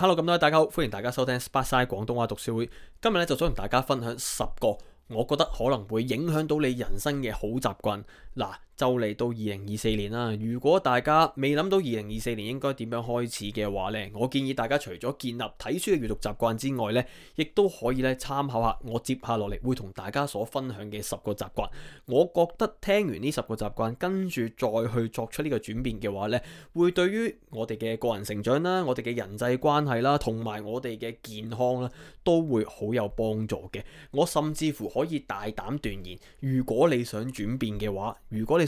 hello，咁多位大家好，歡迎大家收聽 Sparksine 廣東話讀書會。今日咧，就想同大家分享十個我覺得可能會影響到你人生嘅好習慣嗱。就嚟到二零二四年啦！如果大家未諗到二零二四年應該點樣開始嘅話咧，我建議大家除咗建立睇書嘅閱讀習慣之外咧，亦都可以咧參考下我接下落嚟會同大家所分享嘅十個習慣。我覺得聽完呢十個習慣，跟住再去作出呢個轉變嘅話咧，會對於我哋嘅個人成長啦、我哋嘅人際關係啦、同埋我哋嘅健康啦，都會好有幫助嘅。我甚至乎可以大膽斷言，如果你想轉變嘅話，如果你，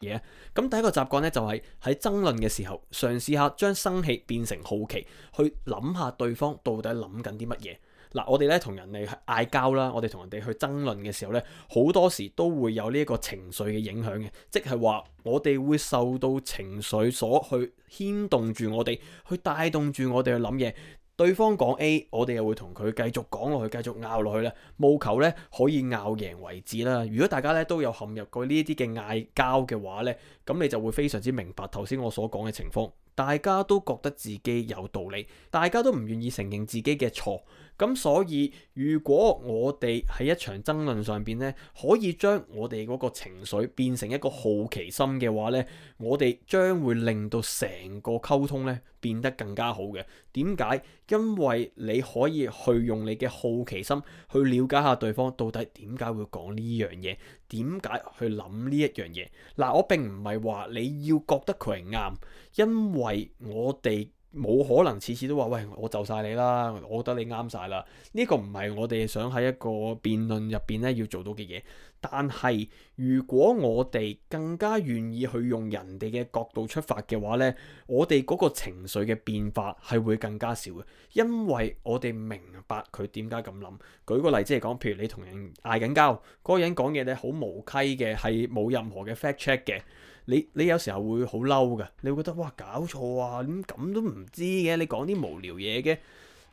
嘢，咁、yeah。第一個習慣咧就係喺爭論嘅時候，嘗試下將生氣變成好奇，去諗下對方到底諗緊啲乜嘢。嗱，我哋咧同人哋嗌交啦，我哋同人哋去爭論嘅時候咧，好多時都會有呢一個情緒嘅影響嘅，即係話我哋會受到情緒所去牽動住我哋，去帶動住我哋去諗嘢。對方講 A，我哋又會同佢繼續講落去，繼續拗落去咧，務求呢可以拗贏為止啦。如果大家呢都有陷入過呢啲嘅嗌交嘅話呢，咁你就會非常之明白頭先我所講嘅情況，大家都覺得自己有道理，大家都唔願意承認自己嘅錯。咁所以，如果我哋喺一場爭論上邊咧，可以將我哋嗰個情緒變成一個好奇心嘅話咧，我哋將會令到成個溝通咧變得更加好嘅。點解？因為你可以去用你嘅好奇心去了解下對方到底點解會講呢樣嘢，點解去諗呢一樣嘢。嗱，我並唔係話你要覺得佢係啱，因為我哋。冇可能次次都話喂，我就晒你啦！我覺得你啱晒啦，呢個唔係我哋想喺一個辯論入邊咧要做到嘅嘢。但係，如果我哋更加願意去用人哋嘅角度出發嘅話呢，我哋嗰個情緒嘅變化係會更加少嘅，因為我哋明白佢點解咁諗。舉個例子嚟講，譬如你同人嗌緊交，嗰個人講嘢咧好無稽嘅，係冇任何嘅 fact check 嘅，你你有時候會好嬲㗎，你會覺得，哇，搞錯啊，點咁都唔知嘅，你講啲無聊嘢嘅。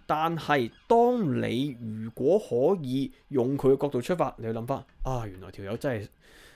但係，當你如果可以用佢嘅角度出發，你去諗翻啊，原來條友真係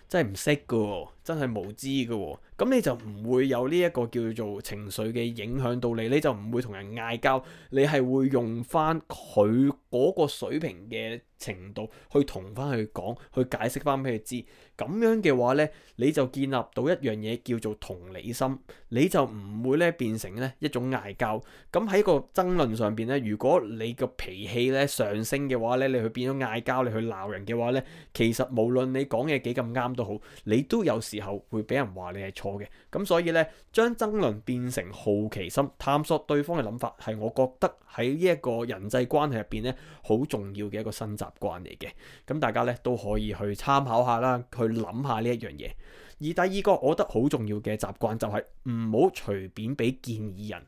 真係唔識㗎，真係無知㗎喎。咁你就唔會有呢一個叫做情緒嘅影響到你，你就唔會同人嗌交，你係會用翻佢嗰個水平嘅程度去同翻佢講，去解釋翻俾佢知。咁樣嘅話呢，你就建立到一樣嘢叫做同理心，你就唔會咧變成咧一種嗌交。咁喺個爭論上邊呢，如果你個脾氣咧上升嘅話呢，你去變咗嗌交，你去鬧人嘅話呢，其實無論你講嘢幾咁啱都好，你都有時候會俾人話你係錯。嘅咁，所以呢，將爭論變成好奇心，探索對方嘅諗法，係我覺得喺呢一個人際關係入邊呢，好重要嘅一個新習慣嚟嘅。咁大家呢都可以去參考下啦，去諗下呢一樣嘢。而第二個我覺得好重要嘅習慣就係唔好隨便俾建議人。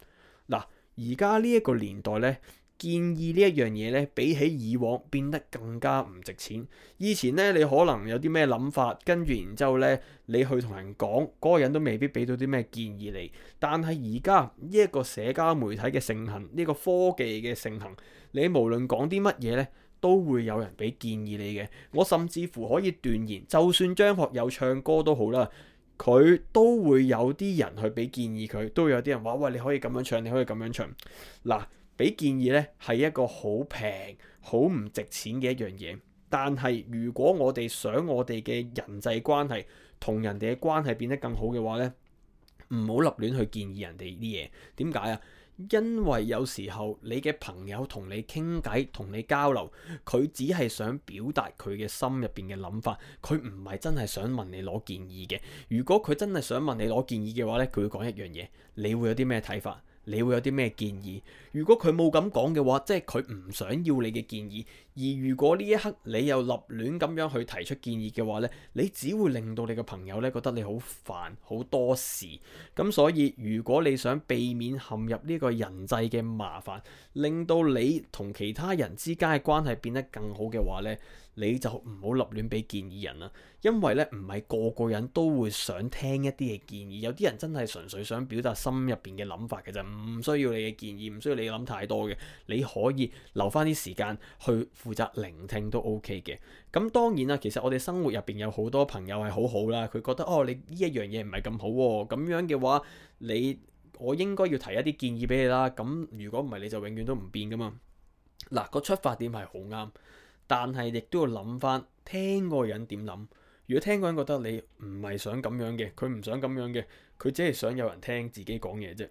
嗱，而家呢一個年代呢。建議呢一樣嘢呢，比起以往變得更加唔值錢。以前呢，你可能有啲咩諗法，跟住然之後呢，你去同人講，嗰個人都未必俾到啲咩建議你。但係而家呢一個社交媒體嘅盛行，呢個科技嘅盛行，你無論講啲乜嘢呢，都會有人俾建議你嘅。我甚至乎可以斷言，就算張學友唱歌都好啦，佢都會有啲人去俾建議佢，都會有啲人話喂，你可以咁樣唱，你可以咁樣唱。嗱。俾建議咧，係一個好平、好唔值錢嘅一樣嘢。但係，如果我哋想我哋嘅人際關係同人哋嘅關係變得更好嘅話咧，唔好立亂去建議人哋啲嘢。點解啊？因為有時候你嘅朋友同你傾偈、同你交流，佢只係想表達佢嘅心入邊嘅諗法，佢唔係真係想問你攞建議嘅。如果佢真係想問你攞建議嘅話咧，佢會講一樣嘢，你會有啲咩睇法？你會有啲咩建議？如果佢冇咁講嘅話，即係佢唔想要你嘅建議；而如果呢一刻你又立亂咁樣去提出建議嘅話呢，你只會令到你嘅朋友咧覺得你好煩，好多事。咁所以如果你想避免陷入呢個人際嘅麻煩，令到你同其他人之間嘅關係變得更好嘅話呢，你就唔好立亂俾建議人啦。因為呢，唔係個個人都會想聽一啲嘅建議，有啲人真係純粹想表達心入邊嘅諗法嘅啫，唔需要你嘅建議，唔需要你。你諗太多嘅，你可以留翻啲時間去負責聆聽都 OK 嘅。咁當然啦，其實我哋生活入邊有好多朋友係好好啦，佢覺得哦，你呢一樣嘢唔係咁好喎，咁樣嘅話，你我應該要提一啲建議俾你啦。咁如果唔係，你就永遠都唔變噶嘛。嗱，個出發點係好啱，但係亦都要諗翻聽個人點諗。如果聽個人覺得你唔係想咁樣嘅，佢唔想咁樣嘅，佢只係想有人聽自己講嘢啫。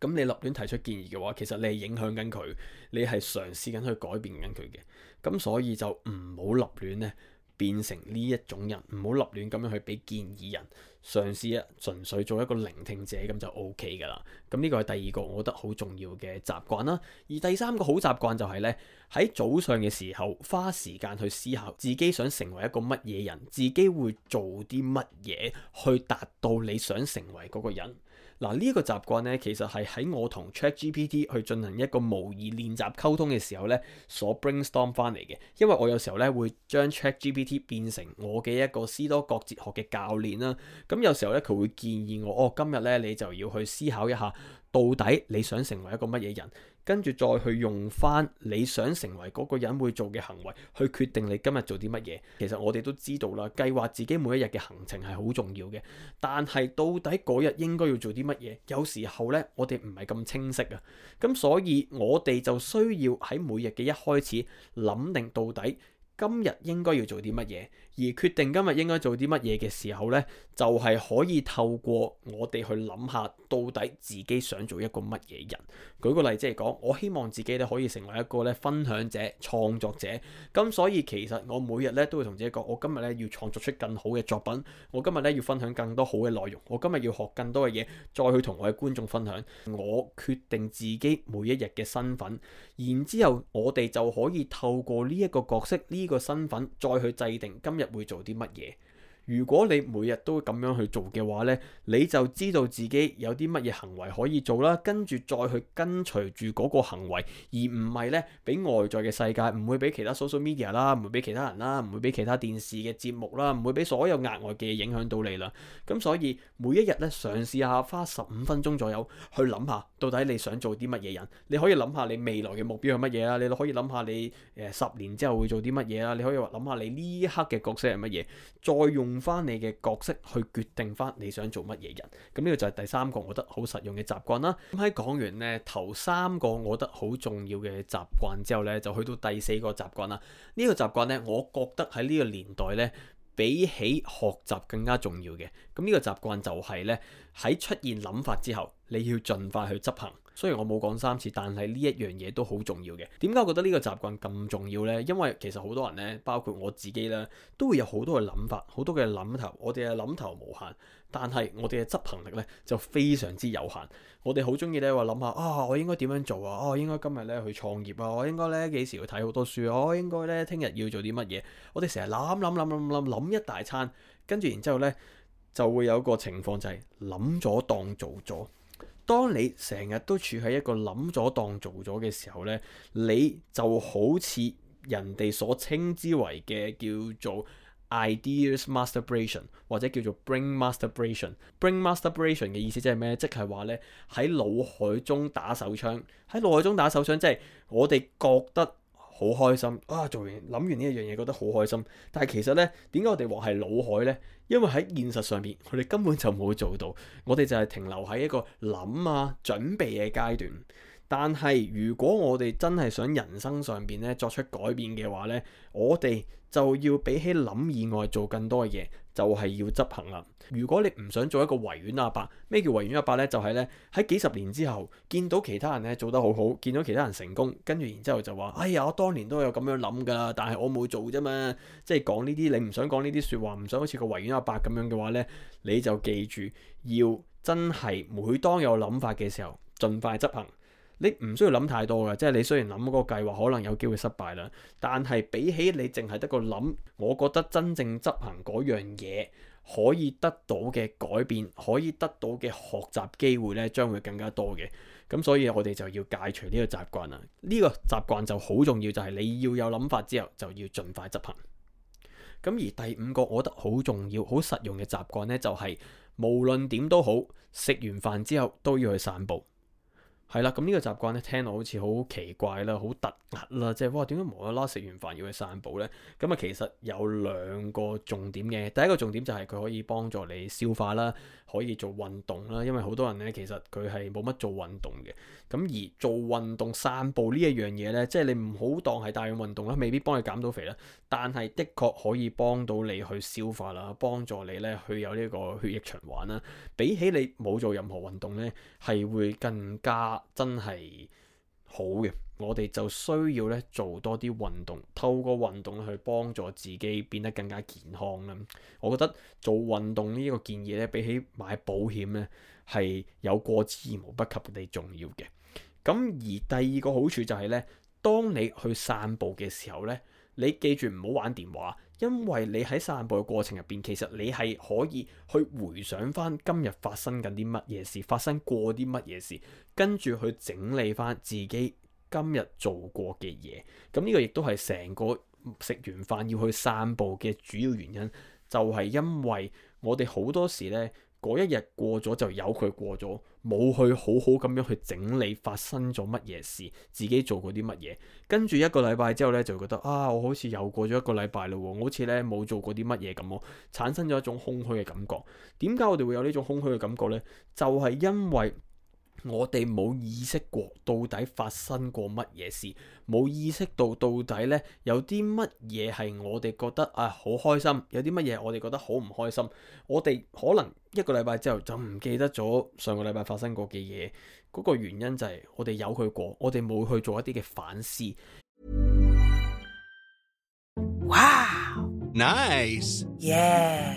咁你立亂提出建議嘅話，其實你係影響緊佢，你係嘗試緊去改變緊佢嘅。咁所以就唔好立亂咧，變成呢一種人，唔好立亂咁樣去俾建議人嘗試啊，純粹做一個聆聽者咁就 O K 噶啦。咁呢個係第二個我覺得好重要嘅習慣啦。而第三個好習慣就係、是、咧，喺早上嘅時候花時間去思考自己想成為一個乜嘢人，自己會做啲乜嘢去達到你想成為嗰個人。嗱，呢個習慣咧，其實係喺我同 ChatGPT 去進行一個模擬練習溝通嘅時候咧，所 brainstorm 翻嚟嘅。因為我有時候咧，會將 ChatGPT 變成我嘅一個斯多葛哲學嘅教練啦。咁有時候咧，佢會建議我，哦，今日咧你就要去思考一下。到底你想成為一個乜嘢人，跟住，再去用翻你想成為嗰個人會做嘅行為，去決定你今日做啲乜嘢。其實我哋都知道啦，計劃自己每一日嘅行程係好重要嘅，但係到底嗰日應該要做啲乜嘢，有時候呢，我哋唔係咁清晰呀，咁所以我哋就需要喺每日嘅一開始諗定到底，今日應該要做啲乜嘢，而決定今日應該做啲乜嘢嘅時候呢，就係、是、可以透過我哋去諗下，到底自己想做一個乜嘢人。舉個例子嚟講，我希望自己咧可以成為一個咧分享者、創作者。咁所以其實我每日咧都會同自己講，我今日咧要創作出更好嘅作品，我今日咧要分享更多好嘅內容，我今日要學更多嘅嘢，再去同我嘅觀眾分享。我決定自己每一日嘅身份，然之後我哋就可以透過呢一個角色，呢、這個個身份再去制定今日會做啲乜嘢。如果你每日都咁樣去做嘅話呢，你就知道自己有啲乜嘢行為可以做啦，跟住再去跟隨住嗰個行為，而唔係呢，俾外在嘅世界，唔會俾其他 social media 啦，唔會俾其他人啦，唔會俾其他電視嘅節目啦，唔會俾所有額外嘅嘢影響到你啦。咁所以每一日呢，嘗試下花十五分鐘左右去諗下，到底你想做啲乜嘢人？你可以諗下你未來嘅目標係乜嘢啦，你可以諗下你誒十年之後會做啲乜嘢啦，你可以話諗下你呢一刻嘅角色係乜嘢，再用翻你嘅角色去決定翻你想做乜嘢人，咁呢個就係第三個我覺得好實用嘅習慣啦。咁喺講完呢頭三個我覺得好重要嘅習慣之後呢，就去到第四個習慣啦。呢個習慣呢，我覺得喺呢個年代呢，比起學習更加重要嘅。咁呢個習慣就係呢，喺出現諗法之後，你要盡快去執行。雖然我冇講三次，但係呢一樣嘢都好重要嘅。點解我覺得呢個習慣咁重要呢？因為其實好多人呢，包括我自己啦，都會有好多嘅諗法，好多嘅諗頭。我哋嘅諗頭無限，但係我哋嘅執行力呢，就非常之有限。我哋好中意呢，話諗下啊，我應該點樣做啊？哦，應該今日呢去創業啊？我應該呢幾時去睇好多書？我應該呢聽日要做啲乜嘢？我哋成日諗諗諗諗諗諗一大餐，跟住然之後呢，就會有個情況就係諗咗當做咗。當你成日都處喺一個諗咗當做咗嘅時候呢，你就好似人哋所稱之為嘅叫做 ideas masturbation，或者叫做 brain masturbation。brain masturbation 嘅意思即係咩？即係話呢，喺腦海中打手槍，喺腦海中打手槍，即係我哋覺得好開心啊！做完諗完呢一樣嘢，覺得好開心。但係其實呢，點解我哋話係腦海呢？因為喺現實上面，我哋根本就冇做到，我哋就係停留喺一個諗啊、準備嘅階段。但係，如果我哋真係想人生上邊咧作出改變嘅話呢，我哋就要比起諗以外做更多嘅嘢，就係要執行啦。如果你唔想做一個維園阿伯，咩叫維園阿伯呢？就係呢，喺幾十年之後見到其他人咧做得好好，見到其他人成功，跟住然之後就話：哎呀，我當年都有咁樣諗㗎，但係我冇做啫嘛。即係講呢啲，你唔想講呢啲説話，唔想好似個維園阿伯咁樣嘅話呢，你就記住要真係每當有諗法嘅時候，盡快執行。你唔需要諗太多嘅，即係你雖然諗嗰個計劃可能有機會失敗啦，但係比起你淨係得個諗，我覺得真正執行嗰樣嘢可以得到嘅改變，可以得到嘅學習機會咧，將會更加多嘅。咁所以我哋就要解除呢個習慣啦。呢個習慣就好重要，就係你要有諗法之後，就要盡快執行。咁而第五個我覺得好重要、好實用嘅習慣呢，就係無論點都好，食完飯之後都要去散步。係啦，咁呢個習慣咧，聽落好似好奇怪啦，好突兀啦，即係哇，點解無啦啦食完飯要去散步呢？咁啊，其實有兩個重點嘅，第一個重點就係佢可以幫助你消化啦，可以做運動啦，因為好多人呢其實佢係冇乜做運動嘅。咁而做運動散步呢一樣嘢呢，即係你唔好當係大量運動啦，未必幫你減到肥啦，但係的確可以幫到你去消化啦，幫助你呢去有呢個血液循環啦。比起你冇做任何運動呢，係會更加。真係好嘅，我哋就需要咧，做多啲運動，透過運動去幫助自己變得更加健康啦。我覺得做運動呢個建議咧，比起買保險咧，係有過之而無不及地重要嘅。咁而第二個好處就係咧，當你去散步嘅時候咧，你記住唔好玩電話。因為你喺散步嘅過程入邊，其實你係可以去回想翻今日發生緊啲乜嘢事，發生過啲乜嘢事，跟住去整理翻自己今日做過嘅嘢。咁、這、呢個亦都係成個食完飯要去散步嘅主要原因，就係、是、因為我哋好多時呢。嗰一日過咗就由佢過咗，冇去好好咁樣去整理發生咗乜嘢事，自己做過啲乜嘢，跟住一個禮拜之後呢，就覺得啊，我好似又過咗一個禮拜嘞，我好似呢冇做過啲乜嘢咁咯，產生咗一種空虛嘅感覺。點解我哋會有呢種空虛嘅感覺呢？就係因為。我哋冇意識過到底發生過乜嘢事，冇意識到到底呢有啲乜嘢係我哋覺得啊好開心，有啲乜嘢我哋覺得好唔開心。我哋可能一個禮拜之後就唔記得咗上個禮拜發生過嘅嘢，嗰個原因就係我哋有去過，我哋冇去做一啲嘅反思。Wow! Nice! Yeah!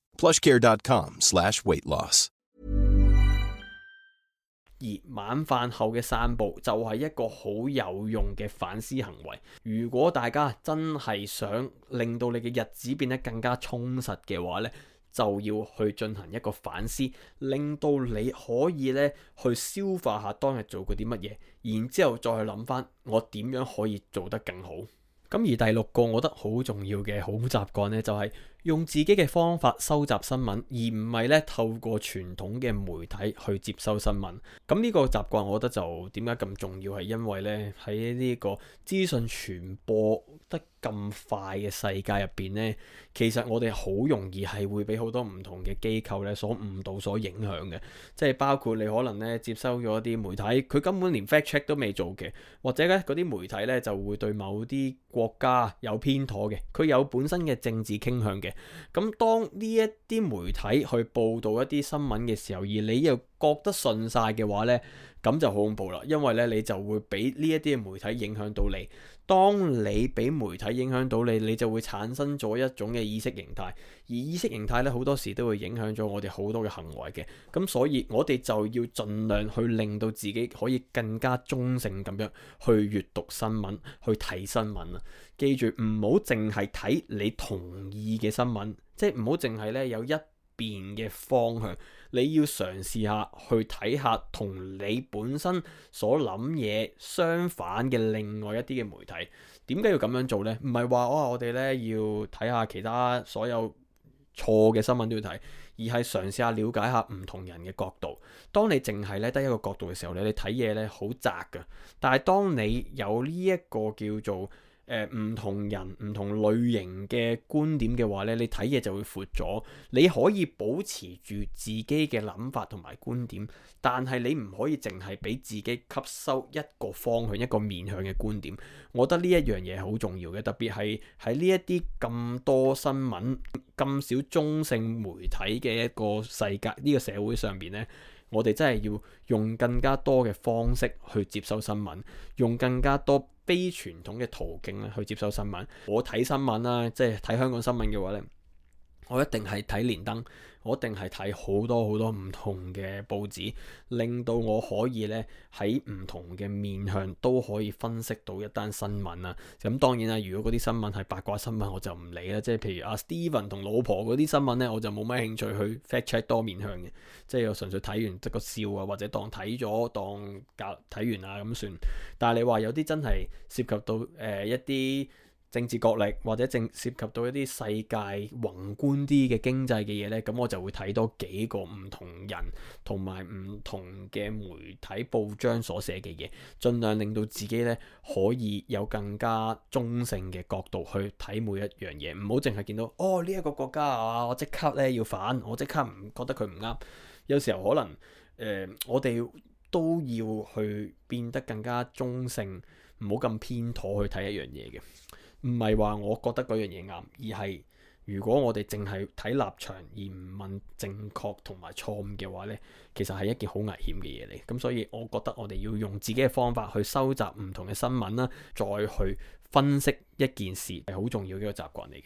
而晚飯後嘅散步就係一個好有用嘅反思行為。如果大家真係想令到你嘅日子變得更加充實嘅話呢，就要去進行一個反思，令到你可以呢去消化下當日做過啲乜嘢，然之後再去諗返我點樣可以做得更好。咁而第六個我覺得好重要嘅好習慣呢，就係用自己嘅方法收集新聞，而唔係咧透過傳統嘅媒體去接收新聞，咁呢個習慣我覺得就點解咁重要？係因為咧喺呢個資訊傳播得咁快嘅世界入邊咧，其實我哋好容易係會俾好多唔同嘅機構咧所誤導所影響嘅。即係包括你可能咧接收咗一啲媒體，佢根本連 fact check 都未做嘅，或者咧嗰啲媒體咧就會對某啲國家有偏頗嘅，佢有本身嘅政治傾向嘅。咁當呢一啲媒體去報導一啲新聞嘅時候，而你又覺得信晒嘅話呢，咁就好恐怖啦，因為呢你就會俾呢一啲嘅媒體影響到你。當你俾媒體影響到你，你就會產生咗一種嘅意識形態，而意識形態咧好多時都會影響咗我哋好多嘅行為嘅。咁所以我哋就要盡量去令到自己可以更加中性咁樣去閱讀新聞、去睇新聞啊！記住唔好淨係睇你同意嘅新聞，即係唔好淨係咧有一變嘅方向，你要嘗試下去睇下，同你本身所諗嘢相反嘅另外一啲嘅媒體，點解要咁樣做呢？唔係話我，我哋咧要睇下其他所有錯嘅新聞都要睇，而係嘗試下了解下唔同人嘅角度。當你淨係咧得一個角度嘅時候咧，你睇嘢咧好窄噶。但係當你有呢一個叫做……誒、呃、唔同人唔同類型嘅觀點嘅話呢，你睇嘢就會闊咗。你可以保持住自己嘅諗法同埋觀點，但係你唔可以淨係俾自己吸收一個方向、一個面向嘅觀點。我覺得呢一樣嘢好重要嘅，特別係喺呢一啲咁多新聞、咁少中性媒體嘅一個世界呢，呢個社會上邊呢，我哋真係要用更加多嘅方式去接收新聞，用更加多。非傳統嘅途徑啦，去接收新聞。我睇新聞啦、啊，即係睇香港新聞嘅話咧。我一定係睇《連登》，我一定係睇好多好多唔同嘅報紙，令到我可以咧喺唔同嘅面向都可以分析到一單新聞啊。咁、嗯、當然啦，如果嗰啲新聞係八卦新聞，我就唔理啦。即係譬如阿、啊、Steven 同老婆嗰啲新聞咧，我就冇乜興趣去 fact check 多面向嘅，即係我純粹睇完即個笑啊，或者當睇咗當夾睇完啊咁算。但係你話有啲真係涉及到誒、呃、一啲，政治角力或者正涉及到一啲世界宏觀啲嘅經濟嘅嘢呢，咁我就會睇多幾個唔同人同埋唔同嘅媒體報章所寫嘅嘢，盡量令到自己呢可以有更加中性嘅角度去睇每一樣嘢，唔好淨係見到哦呢一、這個國家啊，我即刻呢要反，我即刻唔覺得佢唔啱。有時候可能誒、呃，我哋都要去變得更加中性，唔好咁偏妥去睇一樣嘢嘅。唔係話我覺得嗰樣嘢啱，而係如果我哋淨係睇立場而唔問正確同埋錯誤嘅話呢，其實係一件好危險嘅嘢嚟。咁所以，我覺得我哋要用自己嘅方法去收集唔同嘅新聞啦，再去分析一件事係好重要嘅一個習慣嚟嘅。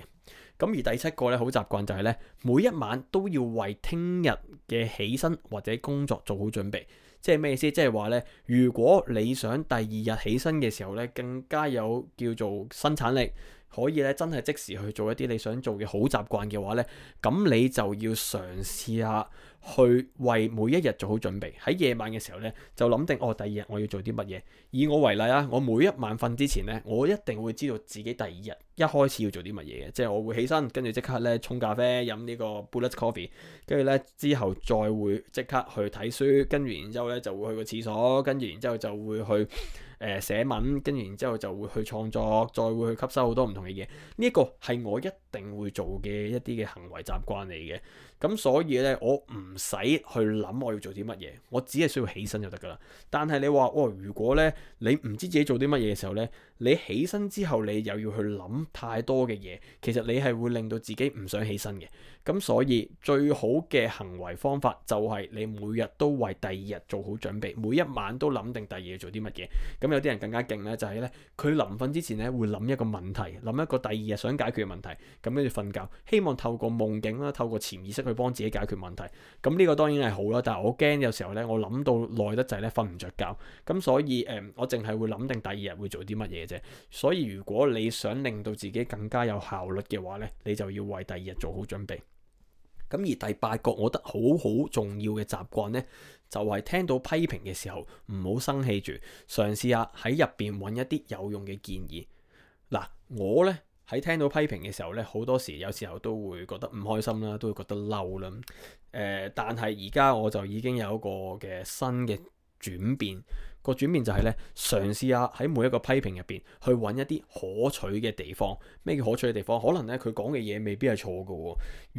咁而第七個咧，好習慣就係呢：每一晚都要為聽日嘅起身或者工作做好準備。即係咩意思？即係話呢，如果你想第二日起身嘅時候呢，更加有叫做生產力。可以咧，真係即時去做一啲你想做嘅好習慣嘅話呢，咁你就要嘗試下去為每一日做好準備。喺夜晚嘅時候呢，就諗定哦，第二日我要做啲乜嘢。以我為例啊，我每一晚瞓之前呢，我一定會知道自己第二日一開始要做啲乜嘢嘅，即係我會起身，跟住即刻呢沖咖啡飲個 coffee，呢個 bullet coffee，跟住呢之後再會即刻去睇書，跟住然之後呢，就會去個廁所，跟住然之後就會去。誒、呃、寫文，跟住然之後就會去創作，再會去吸收好多唔同嘅嘢。呢、這、一個係我一定會做嘅一啲嘅行為習慣嚟嘅。咁所以咧，我唔使去諗我要做啲乜嘢，我只係需要起身就得㗎喇。但係你話，哦，如果咧你唔知自己做啲乜嘢嘅時候咧，你起身之後你又要去諗太多嘅嘢，其實你係會令到自己唔想起身嘅。咁所以最好嘅行為方法就係你每日都為第二日做好準備，每一晚都諗定第二日做啲乜嘢。咁有啲人更加勁咧，就係咧佢臨瞓之前咧會諗一個問題，諗一個第二日想解決嘅問題。咁跟住瞓覺，希望透過夢境啦，透過潛意識去幫自己解決問題。咁呢個當然係好啦，但係我驚有時候咧，我諗到耐得滯咧瞓唔着覺。咁所以誒、呃，我淨係會諗定第二日會做啲乜嘢啫。所以如果你想令到自己更加有效率嘅話咧，你就要為第二日做好準備。咁而第八個我覺得好好重要嘅習慣呢，就係聽到批評嘅時候唔好生氣住，嘗試下喺入邊揾一啲有用嘅建議。嗱，我呢喺聽到批評嘅時候呢，好多時有時候都會覺得唔開心啦，都會覺得嬲啦。誒，但係而家我就已經有一個嘅新嘅轉變。個轉變就係咧，嘗試下喺每一個批評入邊去揾一啲可取嘅地方。咩叫可取嘅地方？可能咧佢講嘅嘢未必係錯㗎喎。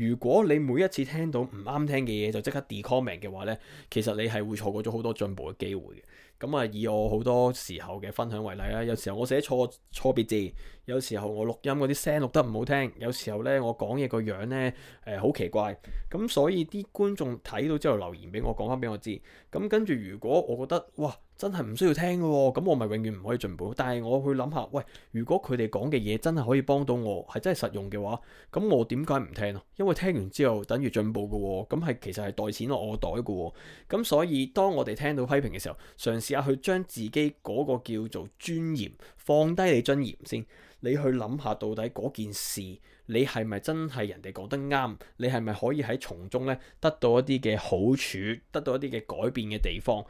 如果你每一次聽到唔啱聽嘅嘢就即刻 decomment 嘅話咧，其實你係會錯過咗好多進步嘅機會嘅。咁啊，以我好多時候嘅分享為例啦，有時候我寫錯錯別字。有時候我錄音嗰啲聲錄得唔好聽，有時候呢，我講嘢個樣呢，誒、呃、好奇怪，咁所以啲觀眾睇到之後留言俾我，講翻俾我知。咁跟住如果我覺得哇真係唔需要聽嘅喎、哦，咁我咪永遠唔可以進步。但係我去諗下，喂，如果佢哋講嘅嘢真係可以幫到我，係真係實用嘅話，咁我點解唔聽呀？因為聽完之後等於進步嘅喎、哦，咁係其實係代錢落我的袋嘅喎、哦。咁所以當我哋聽到批評嘅時候，嘗試下去將自己嗰個叫做尊嚴。放低你尊嚴先，你去諗下到底嗰件事，你係咪真係人哋講得啱？你係咪可以喺從中呢得到一啲嘅好處，得到一啲嘅改變嘅地方？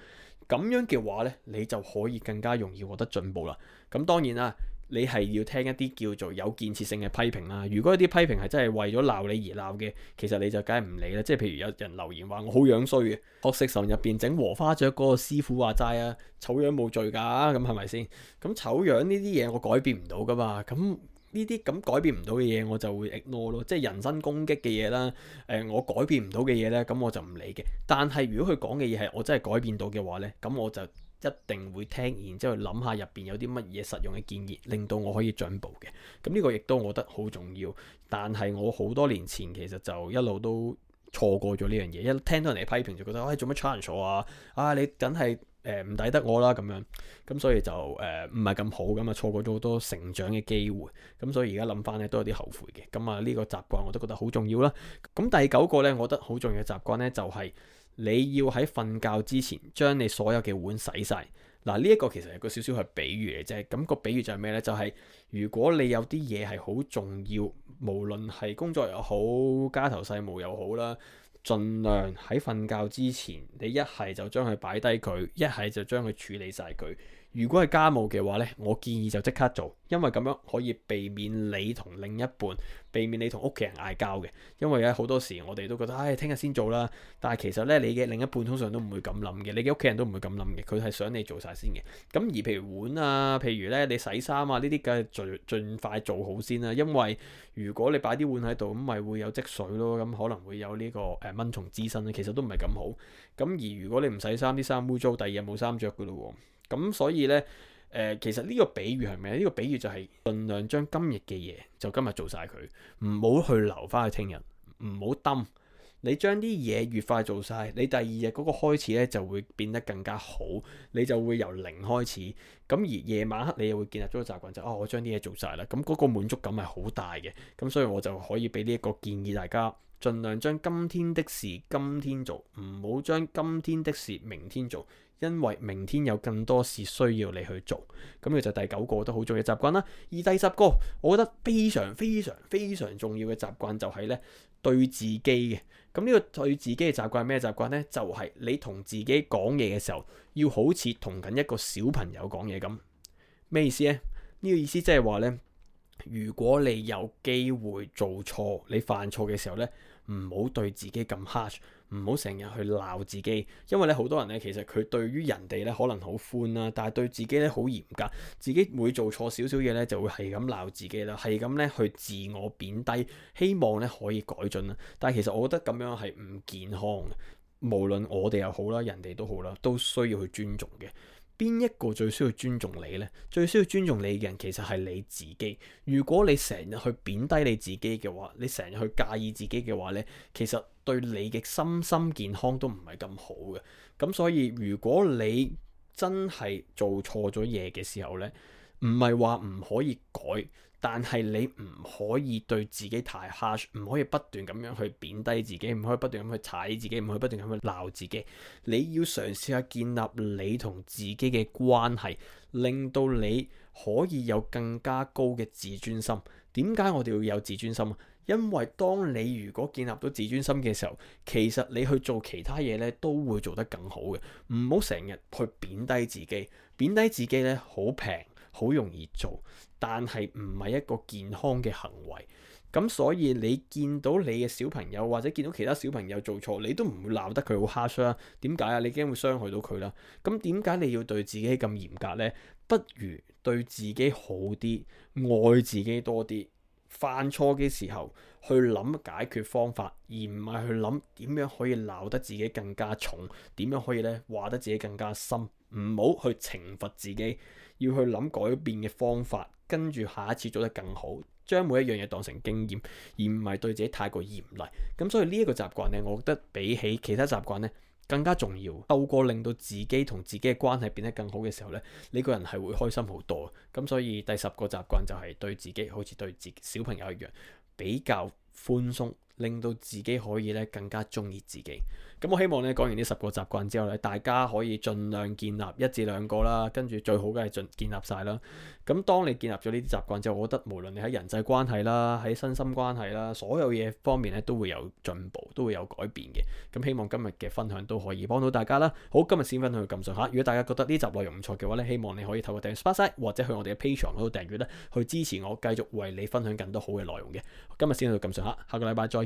咁樣嘅話呢，你就可以更加容易獲得進步啦。咁當然啦。你係要聽一啲叫做有建設性嘅批評啦。如果啲批評係真係為咗鬧你而鬧嘅，其實你就梗係唔理啦。即係譬如有人留言話我好樣衰嘅，學食神入邊整禾花雀嗰個師傅話齋啊，醜樣冇罪㗎，咁係咪先？咁醜樣呢啲嘢我改變唔到㗎嘛。咁呢啲咁改變唔到嘅嘢我就會 ignore 咯。即係人身攻擊嘅嘢啦，誒、呃、我改變唔到嘅嘢咧，咁我就唔理嘅。但係如果佢講嘅嘢係我真係改變到嘅話咧，咁我就一定會聽，然之後諗下入邊有啲乜嘢實用嘅建議，令到我可以進步嘅。咁呢個亦都我覺得好重要。但係我好多年前其實就一路都錯過咗呢樣嘢，一聽到人哋批評就覺得，哎，做乜差人錯啊？啊，你梗係誒唔抵得我啦咁樣。咁所以就誒唔係咁好咁啊，錯過咗好多成長嘅機會。咁所以而家諗翻咧都有啲後悔嘅。咁啊，呢個習慣我都覺得好重要啦。咁第九個咧，我覺得好重要嘅習慣咧就係。你要喺瞓覺之前將你所有嘅碗洗晒。嗱呢一個其實係個少少嘅比喻嚟啫。咁個比喻就係咩呢？就係如果你有啲嘢係好重要，無論係工作又好、家頭細務又好啦，盡量喺瞓覺之前，你一係就將佢擺低佢，一係就將佢處理晒佢。如果係家務嘅話呢，我建議就即刻做，因為咁樣可以避免你同另一半、避免你同屋企人嗌交嘅。因為喺好多時，我哋都覺得，唉、哎，聽日先做啦。但係其實呢，你嘅另一半通常都唔會咁諗嘅，你嘅屋企人都唔會咁諗嘅。佢係想你做晒先嘅。咁而譬如碗啊，譬如呢，你洗衫啊，呢啲梗係盡快做好先啦、啊。因為如果你擺啲碗喺度，咁咪會有積水咯，咁可能會有呢個誒蚊蟲滋生啦。其實都唔係咁好。咁而如果你唔洗衫，啲衫污糟，第二日冇衫着嘅咯喎。咁所以咧，誒、呃、其實呢個比喻係咩？呢、這個比喻就係、是、盡量將今日嘅嘢就今日做晒。佢，唔好去留翻去聽日，唔好抌。你將啲嘢越快做晒，你第二日嗰個開始咧就會變得更加好，你就會由零開始。咁而夜晚黑你又會建立咗個習慣，就哦，我將啲嘢做晒啦，咁嗰個滿足感係好大嘅。咁所以我就可以俾呢一個建議大家。盡量將今天的事今天做，唔好將今天的事明天做，因為明天有更多事需要你去做。咁呢就第九個我覺得都好重要嘅習慣啦。而第十個，我覺得非常非常非常重要嘅習慣就係咧對自己嘅。咁、這、呢個對自己嘅習慣係咩習慣呢？就係、是、你同自己講嘢嘅時候，要好似同緊一個小朋友講嘢咁。咩意思呢？呢、這個意思即係話呢，如果你有機會做錯，你犯錯嘅時候呢。唔好對自己咁 harsh，唔好成日去鬧自己，因為咧好多人咧其實佢對於人哋咧可能好寬啦，但係對自己咧好嚴格，自己每做錯少少嘢咧就會係咁鬧自己啦，係咁咧去自我貶低，希望咧可以改進啦。但係其實我覺得咁樣係唔健康嘅，無論我哋又好啦，人哋都好啦，都需要去尊重嘅。邊一個最需要尊重你呢？最需要尊重你嘅人，其實係你自己。如果你成日去貶低你自己嘅話，你成日去介意自己嘅話呢，其實對你嘅身心健康都唔係咁好嘅。咁所以，如果你真係做錯咗嘢嘅時候呢，唔係話唔可以改。但係你唔可以對自己太 harsh，唔可以不斷咁樣去貶低自己，唔可以不斷咁去踩自己，唔可以不斷咁去鬧自己。你要嘗試下建立你同自己嘅關係，令到你可以有更加高嘅自尊心。點解我哋要有自尊心啊？因為當你如果建立到自尊心嘅時候，其實你去做其他嘢呢都會做得更好嘅。唔好成日去貶低自己，貶低自己呢好平。好容易做，但係唔係一個健康嘅行為。咁所以你見到你嘅小朋友或者見到其他小朋友做錯，你都唔會鬧得佢好黑出啦。點解啊？你驚會傷害到佢啦。咁點解你要對自己咁嚴格呢？不如對自己好啲，愛自己多啲。犯錯嘅時候去諗解決方法，而唔係去諗點樣可以鬧得自己更加重，點樣可以咧話得自己更加深。唔好去懲罰自己。要去諗改變嘅方法，跟住下一次做得更好，將每一樣嘢當成經驗，而唔係對自己太過嚴厲。咁所以呢一個習慣呢，我覺得比起其他習慣呢，更加重要。透過令到自己同自己嘅關係變得更好嘅時候呢，呢個人係會開心好多。咁所以第十個習慣就係對自己好似對自己小朋友一樣，比較寬鬆。令到自己可以咧更加中意自己。咁我希望咧講完呢十個習慣之後咧，大家可以盡量建立一至兩個啦，跟住最好梗係建建立晒啦。咁當你建立咗呢啲習慣之後，我覺得無論你喺人際關係啦，喺身心關係啦，所有嘢方面咧都會有進步，都會有改變嘅。咁希望今日嘅分享都可以幫到大家啦。好，今日先分享到咁上下。如果大家覺得呢集內容唔錯嘅話咧，希望你可以透過訂閱 Sparksine, 或者去我哋嘅 Patreon 嗰度訂閱咧，去支持我繼續為你分享更多好嘅內容嘅。今日先到咁上下，下個禮拜再。